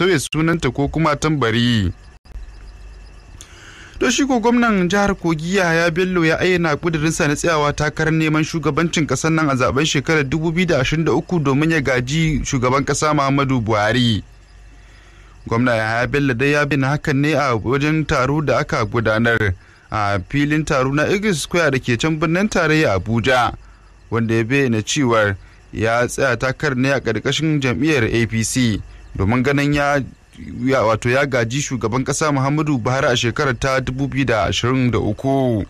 sauya sunanta ko kuma tambari to shi ko gwamnan jihar kogi ya bello ya ayyana sa na tsayawa takarar neman shugabancin kasar nan a zaben shekarar 2023 domin ya gaji shugaban kasa muhammadu buhari gwamna yahaya bello dai ya bin hakan ne a wajen taro da aka gudanar a filin taro na eagle square da ke can birnin tarayya abuja wanda ya bayyana cewar ya tsaya takar ne a ƙarƙashin jam'iyyar apc domin ganin ya wato ya gaji shugaban kasa muhammadu buhari a shekarar ta 2023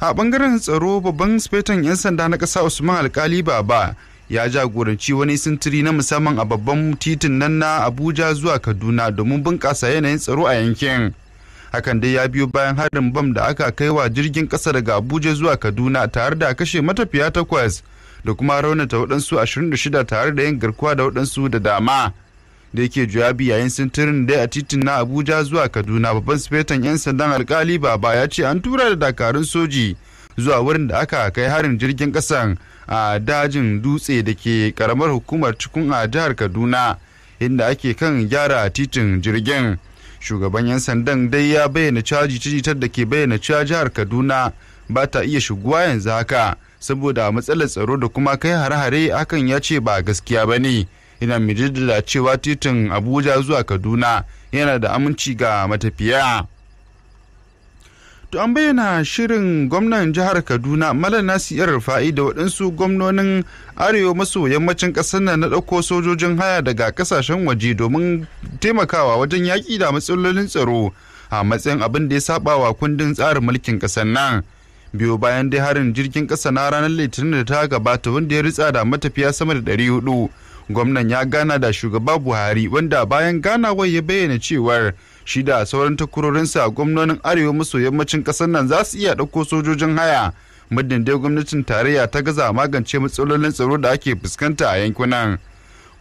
a bangaren tsaro babban sufetan 'yan sanda na kasa usman alkali baba ya jagoranci wani sintiri na musamman a babban titin nan na abuja zuwa kaduna domin bunƙasa yanayin tsaro a yankin hakan dai ya biyo bayan harin bam da aka kai wa jirgin ƙasa daga abuja zuwa kaduna tare da kashe matafiya takwas da kuma raunata waɗansu 26 tare da yin garkuwa da waɗansu da dama da yake jawabi yayin sintirin dai a titin na abuja zuwa kaduna babban sifetan 'yan sandan alkali baba ya ce an tura da dakarun soji zuwa wurin da aka kai harin jirgin kasan a dajin dutse da ke karamar hukumar cikin a jihar kaduna inda ake kan gyara titin jirgin shugaban 'yan sandan dai ya bayyana caji jitar da ke bayyana cewa jihar kaduna ba ta iya shiguwa yanzu haka saboda matsalar tsaro da kuma kai hare-hare hakan ya ce ba gaskiya ba ne yana mai jaddada cewa titin abuja zuwa kaduna yana da aminci ga matafiya to an bayyana shirin gwamnan jihar kaduna malam nasiyar rufa'i da waɗansu gwamnonin arewa maso yammacin ƙasar nan na ɗauko sojojin haya daga ƙasashen waje domin taimakawa wajen yaƙi da matsalolin tsaro a matsayin abin da ya saba wa kundin tsarin mulkin ƙasar nan biyu bayan dai harin jirgin kasa na ranar litinin da ta gabata wanda ya ritsa da matafiya sama da 400 gwamnan ya gana da shugaba buhari wanda bayan ganawar ya bayyana cewar shi da sauran a gwamnonin arewa maso yammacin ƙasar nan za su iya ɗauko sojojin haya muddin dai gwamnatin tarayya ta gaza magance matsalolin tsaro da ake fuskanta a yankunan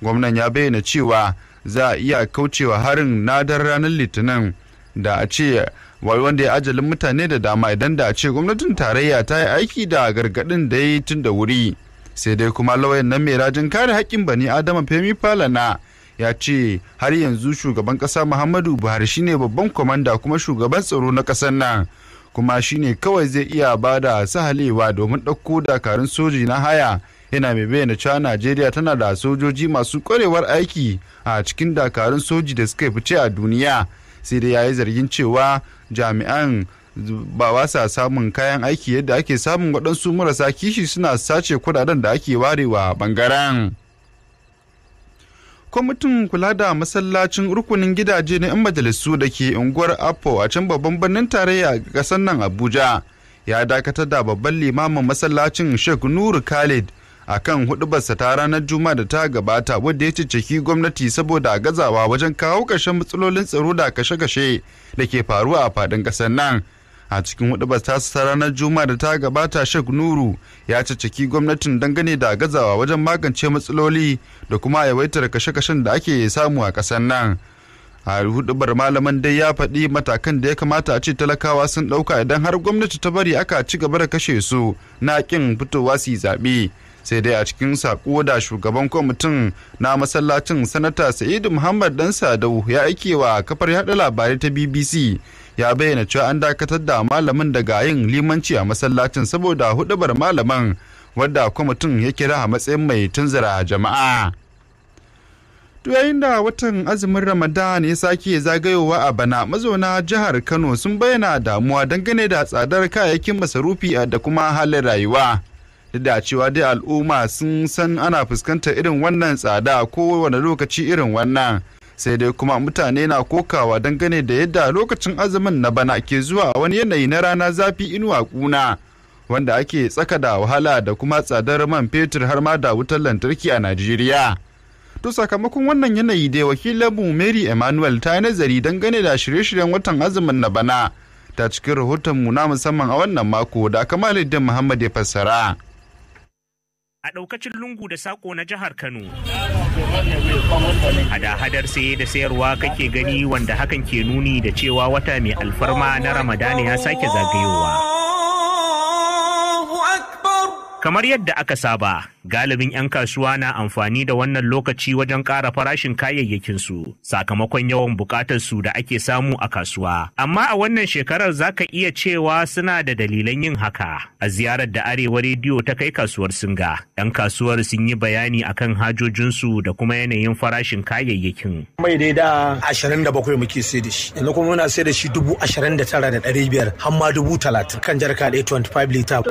gwamnan ya bayyana cewa za a iya kaucewa harin nadar ranar litinin da a ce wai wanda ya ajalin mutane da dama idan da a ce gwamnatin tarayya ta yi aiki da gargaɗin da ya yi tun da wuri sai dai kuma lauyan nan mai rajin kare haƙƙin bani adama femi falana ya ce har yanzu shugaban ƙasa muhammadu buhari shine babban kwamanda kuma shugaban tsaro na ƙasar nan kuma shine kawai zai iya ba da sahalewa domin ɗauko dakarun soji na haya yana mai bayyana cewa najeriya tana da sojoji masu ƙwarewar aiki a cikin dakarun soji da suka fice a duniya sai dai ya yi zargin cewa jami'an ba sa samun kayan aiki yadda ake samun waɗansu marasa kishi suna sace kudaden da ake warewa bangaren. kwamitin kula da masallacin rukunin gidaje na 'yan majalisu da ke unguwar apo a can babban birnin tarayya a ƙasar nan abuja ya dakatar da babban limamin masallacin sheikh nuru khalid akan hudubarsa ta ranar juma'a da ta gabata wadda ya cicciki gwamnati saboda a gazawa wajen kawo ƙarshen matsalolin tsaro da kashe-kashe da ke faruwa a faɗin ƙasar nan a cikin hudubar ta ranar juma'a da ta gabata shek nuru ya cicciki gwamnatin dangane da gazawa wajen magance matsaloli da kuma yawaitar kashe-kashen da ake samu a ƙasar nan a hudubar malaman dai ya faɗi matakan da ya kamata a ce talakawa sun ɗauka idan har gwamnati ta bari aka ci gaba da kashe su na ƙin fitowa su yi zaɓe sai dai a cikin sako da shugaban kwamitin na masallacin sanata sa'idu muhammad dan sadau ya aike wa kafar yada labarai ta bbc ya bayyana cewa an dakatar da malamin daga yin limanci a masallacin saboda hudubar malaman wadda kwamitin ya kira a matsayin mai tunzura jama'a yayin da watan azumin ramadan ya sake zagayowa a bana mazauna jihar kano sun bayyana damuwa dangane da tsadar kayayyakin masarufi da kuma halin rayuwa duk da cewa dai al'umma sun san ana fuskantar irin wannan tsada ko wani lokaci irin wannan sai dai kuma mutane na kokawa dangane da yadda lokacin azumin na bana ke zuwa wani yanayi na rana zafi inuwa kuna wanda ake tsaka da wahala da kuma tsadar man fetur har ma da wutar lantarki a najeriya to sakamakon wannan yanayi dai wakilanmu mary emmanuel ta yi nazari dangane da shirye-shiryen watan azumin na bana ta cikin rahotonmu na musamman a wannan mako da kamaluddin muhammad ya fassara a ɗaukacin lungu da sako na jihar Kano. Hada-hadar sai da sayarwa kake gani wanda hakan ke nuni da cewa wata mai alfarma na Ramadana ya sake zagayowa. Kamar yadda aka saba, galibin 'yan kasuwa na amfani da wannan lokaci wajen ƙara farashin kayayyakin su, sakamakon yawan buƙatar su da ake samu a kasuwa. Amma a wannan shekarar za ka iya cewa suna da dalilan yin haka. A ziyarar da Arewa Rediyo ta kai kasuwar Singa, 'yan kasuwar sun yi bayani akan hajojinsu da kuma yanayin farashin kayayyakin. Mai dai da 27 muke sai da shi, yanzu kuma muna sai da shi har ma kan jarka 25 lita.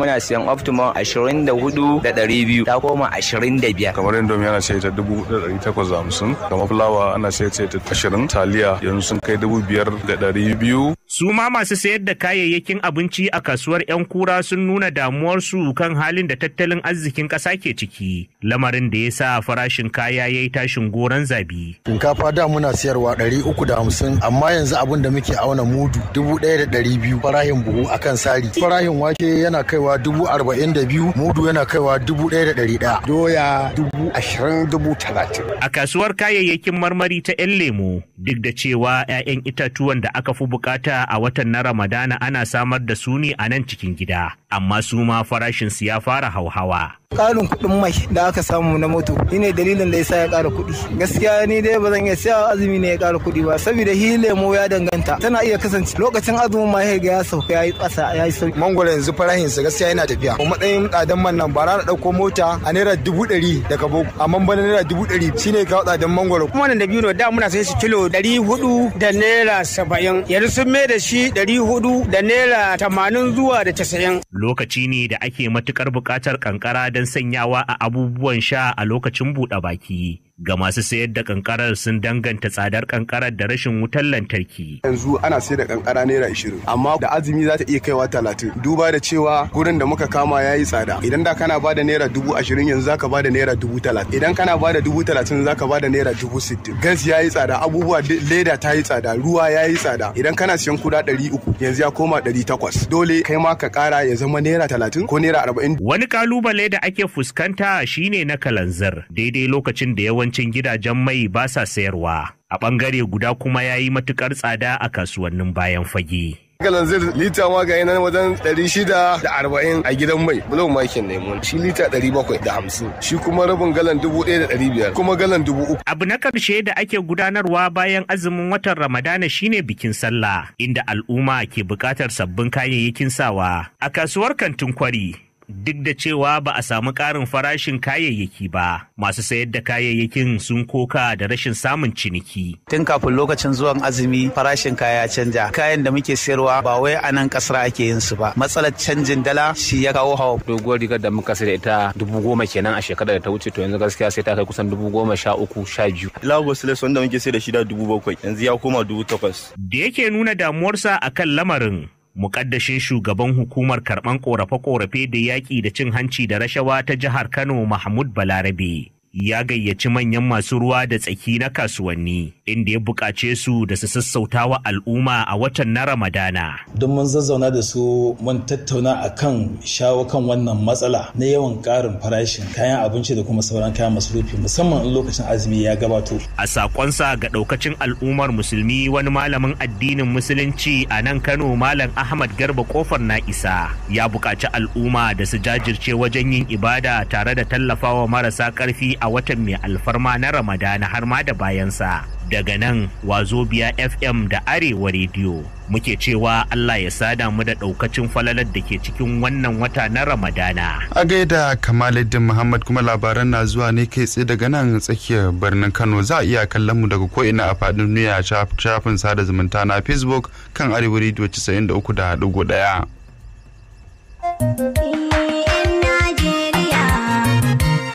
muna siyan optimum 24 da 100. biyu ta koma ashirin da biyar. Kamar indomi ana sai ta dubu da ɗari takwas da hamsin. Kamar fulawa ana sai ta ashirin taliya yanzu sun kai dubu biyar da ɗari biyu Su ma masu sayar da kayayyakin abinci a kasuwar 'yan kura sun nuna damuwarsu kan halin da tattalin arzikin ƙasa ke ciki, lamarin da ya sa farashin kaya ya yi tashin goron zabi. Shinkafa da muna siyarwa ɗari uku da hamsin, amma yanzu abin da muke auna mudu dubu ɗaya da ɗari biyu farahin buhu a kan sari. Farahin wake yana kaiwa dubu arba'in da biyu, mudu yana kaiwa dubu ɗaya da ɗari ɗaya. Doya dubu ashirin dubu talatin. A kasuwar kayayyakin marmari ta 'yan lemo, duk da cewa 'ya'yan itatuwan da aka fi bukata a watan na ramadana ana samar da su ne a nan cikin gida amma su ma farashinsu ya fara hauhawa. karin kuɗin mai da aka samu na moto ne dalilin da yasa ya ƙara kuɗi. Gaskiya ni dai ba zan iya cewa azumi ne ya ƙara kuɗi ba saboda hi lemo ya danganta. Tana iya kasance lokacin azumin ma ya ga ya sauka ya yi ƙasa ya yi sauki. Mangoro yanzu sa gaskiya yana tafiya. Kuma matsayin tsadan man nan bara na ɗauko mota a naira dubu ɗari daga boko amma bana naira dubu ɗari shine kawo tsadan mangoro. Kuma nan da biyu da muna sai shi kilo ɗari hudu da naira saba'in yanzu sun mai da shi ɗari hudu da naira tamanin zuwa da casa'in. lokaci ne da ake matuƙar buƙatar ƙanƙara don sanyawa a abubuwan sha a lokacin buɗe baki. ga masu sayar da kankarar sun danganta tsadar kankarar da rashin wutar lantarki. Yanzu ana sayar da kankara naira ishirin amma da azumi za ta iya kaiwa talatin duba da cewa gurin da muka kama ya yi tsada idan da kana bada naira dubu ashirin yanzu zaka bada naira dubu talatin idan kana bada dubu talatin zaka bada naira dubu sittin gas ya yi tsada abubuwa leda ta yi tsada ruwa ya yi tsada idan kana siyan kuda ɗari uku yanzu ya koma ɗari takwas dole kai ma ka kara ya zama naira talatin ko naira arba'in. Wani kalubale da ake fuskanta shine na kalanzar daidai lokacin da yawanci yawancin gidajen mai ba sa sayarwa. A ɓangare guda kuma ya yi matuƙar tsada a kasuwannin bayan fage. Galan zai lita ma ga yanar wajen 640 a gidan mai bulo makin ne shi lita 750 shi kuma rabin galan 1500 kuma galan 3000 abu na karshe da ake gudanarwa bayan azumin watan ramadana shine bikin sallah inda al'umma ke bukatar sabbin kayayyakin sawa a kasuwar kantin kwari duk da cewa ba a samu ƙarin farashin kayayyaki ba. Masu sayar da kayayyakin sun koka da rashin samun ciniki. Tun kafin lokacin zuwan azumi farashin kaya canja. Kayan da muke sayarwa ba wai a nan ƙasar ake yin su ba. Matsalar canjin dala shi ya kawo hawa. Doguwar rigar da muka sayar da ita dubu goma kenan a shekarar da ta wuce to yanzu gaskiya sai ta kai kusan dubu goma sha uku sha biyu. Lagos Lace wanda muke sayar da shi da dubu bakwai yanzu ya koma dubu takwas. Da yake nuna damuwarsa akan lamarin mukaddashin shugaban hukumar karɓan ƙorafe-ƙorafe da yaƙi da cin hanci da rashawa ta jihar Kano Mahmud Balarabe ya gayyaci manyan masu ruwa da tsaki na kasuwanni inda ya buƙace su da su sassauta wa al'umma a watan na ramadana don mun zazzauna da su mun tattauna a kan shawo kan wannan matsala na yawan ƙarin farashin kayan abinci da kuma sauran kayan masarufi musamman in lokacin azumi ya gabato a sakonsa ga ɗaukacin al'ummar musulmi wani malamin addinin musulunci a nan kano malam ahmad garba kofar na isa ya buƙaci al'umma da su jajirce wajen yin ibada tare da tallafawa marasa ƙarfi a watan mai alfarma na ramadana har ma da bayansa daga nan wazobiya fm da arewa rediyo muke cewa allah ya sada mu da ɗaukacin falalar da ke cikin wannan wata na ramadana a gaida kamaluddin muhammad kuma labaran na zuwa ne kai tsaye daga nan tsakiyar birnin kano za a iya kallon mu daga ko'ina a faɗin nuya shafin sada zumunta na facebook kan arewa rediyo 93.1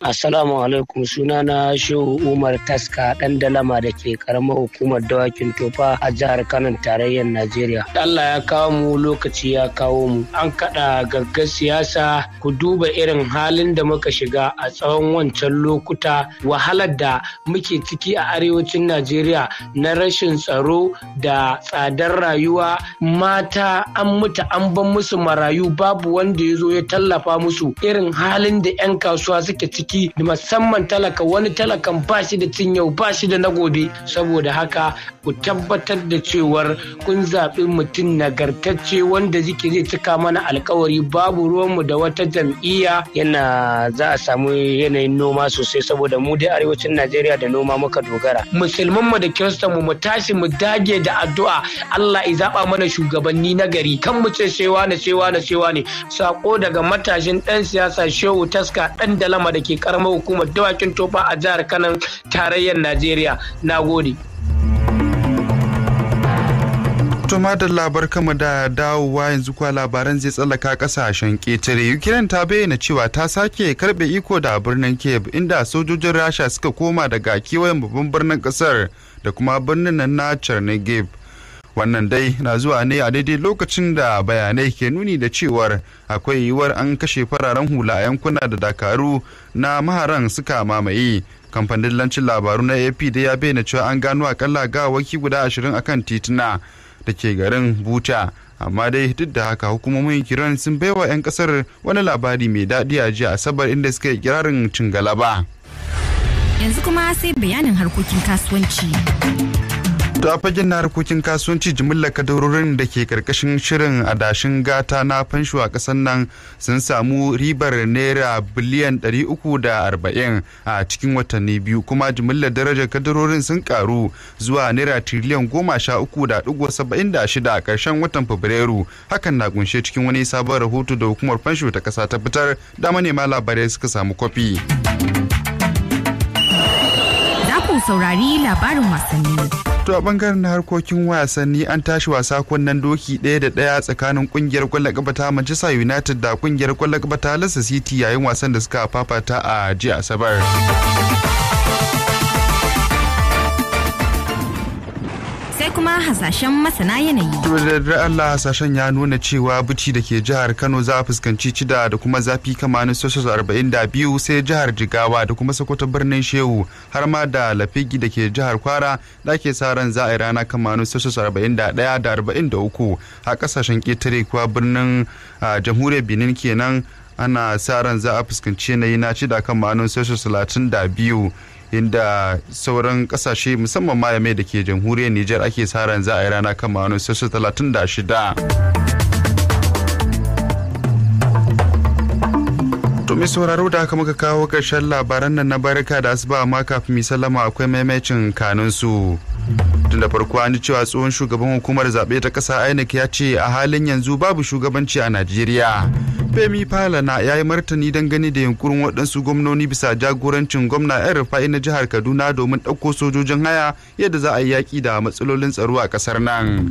Assalamu alaikum na Shehu Umar Taska ɗan dalama da ke karamar hukumar dawakin tofa a jihar Kano tarayyar Najeriya. Allah ya kawo mu lokaci ya kawo mu. An kaɗa gaggar siyasa ku duba irin halin da muka shiga a tsawon wancan lokuta wahalar da muke ciki a arewacin Najeriya na rashin tsaro da tsadar rayuwa mata an mutu an ban musu marayu babu wanda ya zo ya tallafa musu irin halin da 'yan kasuwa suke ciki ciki musamman talaka wani talakan ba shi da cin yau ba shi da na gobe saboda haka ku tabbatar da cewar kun zaɓi mutum nagartacce wanda jiki zai cika mana alkawari babu ruwanmu da wata jam'iyya yana za a samu yanayin noma sosai saboda mu dai arewacin najeriya da noma muka dogara musulman mu da kiristan mu mu tashi mu dage da addu'a allah i zaɓa mana shugabanni na gari kan mu ce cewa na cewa na cewa ne sako daga matashin ɗan siyasa shehu taska ɗan dalama da ke ke karamar hukumar dawakin tofa a jihar kanan tarayyar najeriya na gode tuma da labar kama da dawowa yanzu kuwa labaran zai tsallaka kasashen ƙetare. Ukraine ta bayyana cewa ta sake karbe iko da birnin Kiev inda sojojin Rasha suka koma daga kewayen babban birnin kasar da kuma birnin na chernigiv wannan dai na zuwa ne a daidai lokacin da bayanai ke nuni da cewar akwai yiwuwar an kashe fararen hula a yankuna da dakaru na maharan suka mamaye kamfanin lancin labaru na ap da ya bayyana cewa an gano akalla gawaki guda ashirin akan tituna da ke garin buta amma dai duk da haka hukumomin kiran sun baiwa 'yan kasar wani labari mai daɗi a jiya asabar inda suka yi kirarin cin galaba yanzu kuma sai bayanin harkokin kasuwanci To a fagen na harkokin kasuwanci jimillar kadarorin da ke karkashin shirin adashin gata na fansho a kasan nan sun samu ribar naira biliyan 340 a cikin watanni biyu kuma jimillar darajar kadarorin sun karu zuwa naira tiriliyan 13.76 a karshen watan Fabrairu. Hakan na kunshe cikin wani sabon rahoto da hukumar fansho ta kasa ta fitar da manema labarai suka samu kwafi. Za ku saurari labarin wasanni. To a bangaren harkokin wasanni an tashi wasa kunnen doki ɗaya da ɗaya tsakanin kungiyar kwallon kafa ta Manchester United da kungiyar kwallon kafa ta Leicester City yayin wasan da suka fafata a jiya Asabar. sai kuma hasashen masana yanayi. To da Allah hasashen ya nuna cewa bici da ke jihar Kano za a fuskanci cida da kuma zafi sosos arba'in da biyu sai jihar Jigawa da kuma Sokoto birnin Shehu har ma da Lafigi da ke jihar Kwara da ke sa ran za a yi rana sosos arba'in da ɗaya da arba'in da uku a ƙasashen ƙetare kuwa birnin jamhuriyar Benin kenan ana sa ran za a fuskanci yanayi na da kan ma'anin sashen talatin da biyu inda sauran kasashe musamman ma mai da ke jamhuriyar nijar ake sa ran za a yi rana kan ma'anin sashen talatin da shida mai sauraro da aka muka kawo ƙarshen labaran nan na barika da asuba amma kafin misalama akwai maimacin kanunsu. tun da farko an cewa tsohon shugaban hukumar zaɓe ta ƙasa inec ya ce a halin yanzu babu shugabanci a najeriya Femi pala ya yi martani don gani da yunkurin waɗansu gwamnoni bisa jagorancin gwamna 'yan rufa'i na jihar Kaduna domin ɗauko sojojin haya yadda za a yi yaƙi da matsalolin tsaro a ƙasar nan.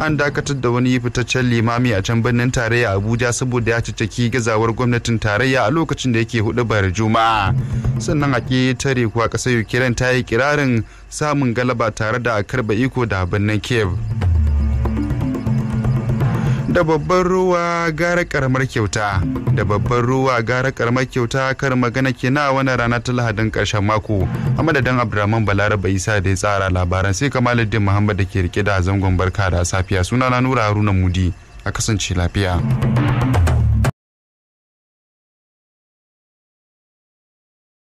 An dakatar da wani fitaccen limami a can birnin tarayya Abuja saboda ya ciceki gazawar gwamnatin tarayya a lokacin da yake hudu bar Juma'a. Sannan a tare kuwa ƙasar Ukraine ta yi kirarin samun galaba tare da karɓa iko da birnin Kiev. da babban ruwa gara karamar kyauta da babban ruwa gara karamar kyauta kar magana ke na wani rana ta lahadin karshen mako a madadin abdurrahman balaraba isa da ya tsara labaran sai kamaluddin muhammad da ke rike da zangon barka da safiya suna na nura haruna mudi a kasance lafiya